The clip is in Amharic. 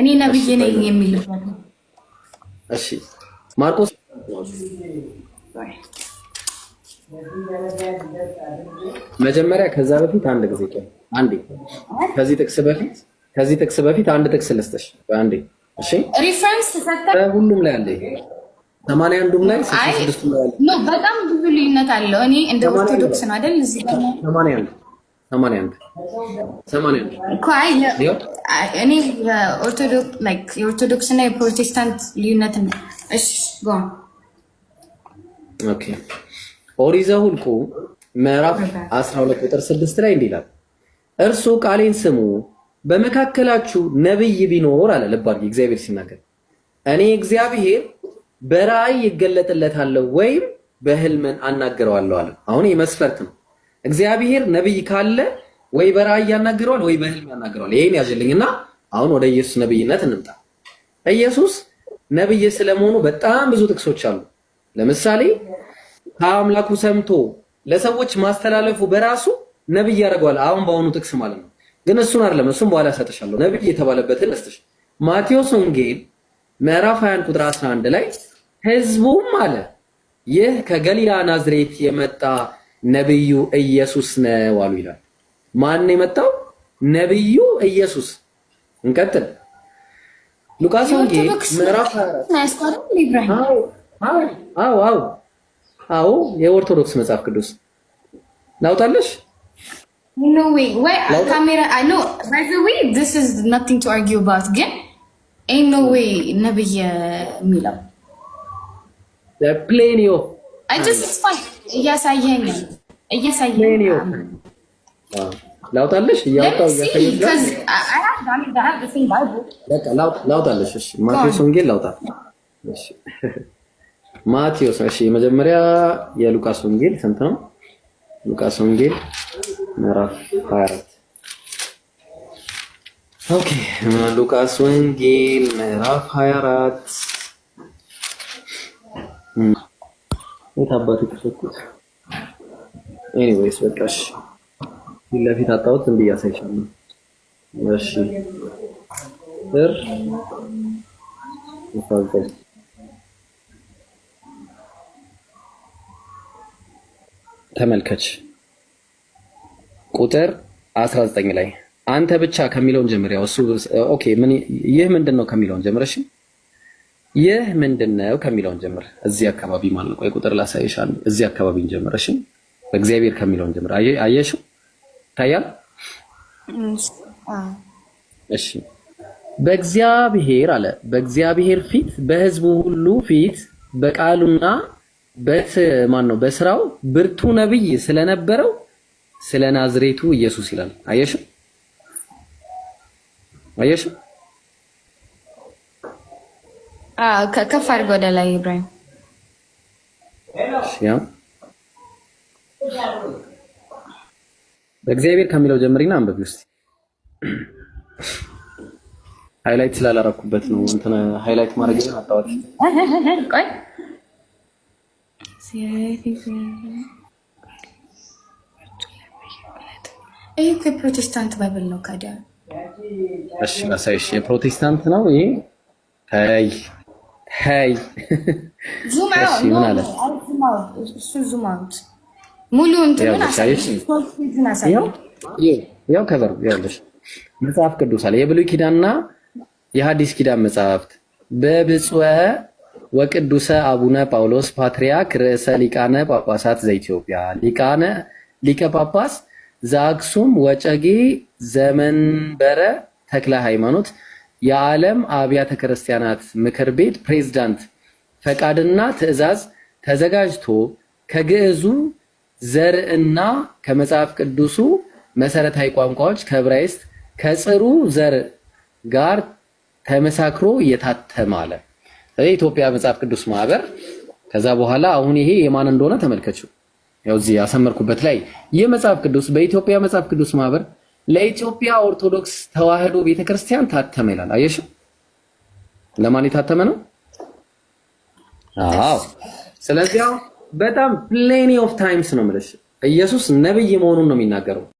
እኔ ነብዬ ነኝ የሚልበት እሺ ማርቆስ መጀመሪያ ከዛ በፊት አንድ ጊዜ አንዴ ከዚህ ጥቅስ በፊት ከዚህ ጥቅስ በፊት አንድ ጥቅስ ልስጥሽ አንዴ። እሺ ሪፈረንስ ተሰጠ ሁሉም ላይ አለ። አንዱም ላይ 66 ላይ አለ። በጣም ብዙ ልዩነት አለው። እኔ እንደ ኦርቶዶክስ ነው አይደል እዚህ አንዱ 81 የኦርቶዶክስ እና የፕሮቴስታንት ልዩነት ኦሪት ዘኍልቍ ምዕራፍ 12 ቁጥር 6 ላይ እንዲህ ይላል፣ እርሱ ቃሌን ስሙ፣ በመካከላችሁ ነብይ ቢኖር አለ። ልብ አድርጊ፣ እግዚአብሔር ሲናገር እኔ እግዚአብሔር በራእይ ይገለጥለታለሁ ወይም በህልምን አናግረዋለሁ አለ። አሁን የመስፈርት መስፈርት ነው። እግዚአብሔር ነብይ ካለ ወይ በራእይ ያናግረዋል ወይ በህልም ያናግረዋል። ይሄን ያዝልኝና አሁን ወደ ኢየሱስ ነብይነት እንምጣ። ኢየሱስ ነብይ ስለመሆኑ በጣም ብዙ ጥቅሶች አሉ። ለምሳሌ ከአምላኩ ሰምቶ ለሰዎች ማስተላለፉ በራሱ ነብይ ያደርገዋል። አሁን በአሁኑ ጥቅስ ማለት ነው። ግን እሱን አይደለም፣ እሱን በኋላ ሰጥሻለሁ። ነብይ የተባለበትን እስጥሽ ማቴዎስ ወንጌል ምዕራፍ 21 ቁጥር 11 ላይ ህዝቡም አለ ይህ ከገሊላ ናዝሬት የመጣ ነብዩ ኢየሱስ ነው አሉ ይላል። ማን ነው የመጣው? ነብዩ ኢየሱስ። እንቀጥል። ሉቃስ ወንጌል ምዕራፍ አዎ የኦርቶዶክስ መጽሐፍ ቅዱስ ላውጣለሽ? ኖ ዌይ ወይ ካሜራ አይ ኖ ባይ ዘ ዌይ ዲስ ኢዝ ናቲንግ ቱ አርጊው አባት ግን ኤ ኖ ዌይ ነብይ የሚለው ፕሌኒ ኦፍ እያሳየኝ እያሳየኝ ላውጣለሽ እያወጣሁ ማቴዎስ ወንጌል ላውጣ። ማቴዎስ እሺ፣ መጀመሪያ የሉቃስ ወንጌል ስንት ነው? ሉቃስ ወንጌል ምዕራፍ 24። ኦኬ፣ ሉቃስ ወንጌል ምዕራፍ 24 የት አባቱ ቁሰኩት። ኤኒዌይስ በቃሽ ፊት ለፊት አጣሁት እንዴ ያሳይሻለሁ። እሺ እር ይፋልከኝ ተመልከች ቁጥር 19 ላይ አንተ ብቻ ከሚለውን ጀምር። ያው እሱ ኦኬ ምን ይህ ምንድን ነው ከሚለውን ጀምር እሺ ይህ ምንድን ነው ከሚለውን ጀምር። እዚህ አካባቢ ማለት ነው። ቁጥር ላሳይሽ። እዚህ አካባቢ እንጀምር። እሺ፣ በእግዚአብሔር ከሚለውን ጀምር። አየሽ፣ ታያል። እሺ፣ በእግዚአብሔር አለ። በእግዚአብሔር ፊት በህዝቡ ሁሉ ፊት በቃሉና በት ማን ነው በስራው ብርቱ ነብይ ስለነበረው ስለ ናዝሬቱ ኢየሱስ ይላል። አየሽ፣ አየሽ ከፍ አድርገህ ወደ ላይ ኢብራሂም። በእግዚአብሔር ከሚለው ጀምሪና አንብቢ ውስጥ ሃይላይት ስላላረኩበት ነው። እንትን ሃይላይት ማድረግ ግን አጣዋት። ቆይ ይህ የፕሮቴስታንት ባይብል ነው። ካዲያ እሺ፣ ላሳይሽ። የፕሮቴስታንት ነው ይሄ ይ ሀይ ዙም አውት ሙሉ ያው ከበሩ ያለሽ መጽሐፍ ቅዱስ አለ የብሉይ ኪዳንና የሐዲስ ኪዳን መጽሐፍት በብፁዕ ወቅዱሰ አቡነ ጳውሎስ ፓትርያርክ ርዕሰ ሊቃነ ጳጳሳት ዘኢትዮጵያ ሊቃነ ሊቀ ጳጳስ ዘአክሱም ወጨጌ ዘመንበረ ተክለ ሃይማኖት የዓለም አብያተ ክርስቲያናት ምክር ቤት ፕሬዝዳንት ፈቃድና ትዕዛዝ ተዘጋጅቶ ከግዕዙ ዘርእና ከመጽሐፍ ቅዱሱ መሰረታዊ ቋንቋዎች ከዕብራይስጥ ከጽሩ ዘር ጋር ተመሳክሮ እየታተመ አለ። ኢትዮጵያ መጽሐፍ ቅዱስ ማህበር። ከዛ በኋላ አሁን ይሄ የማን እንደሆነ ተመልከችው። ያው እዚህ ያሰመርኩበት ላይ ይህ መጽሐፍ ቅዱስ በኢትዮጵያ መጽሐፍ ቅዱስ ማህበር ለኢትዮጵያ ኦርቶዶክስ ተዋህዶ ቤተክርስቲያን ታተመ ይላል። አየሽ፣ ለማን የታተመ ነው? አዎ። ስለዚህ በጣም ፕሌኒ ኦፍ ታይምስ ነው የምልሽ ኢየሱስ ነብይ መሆኑን ነው የሚናገረው።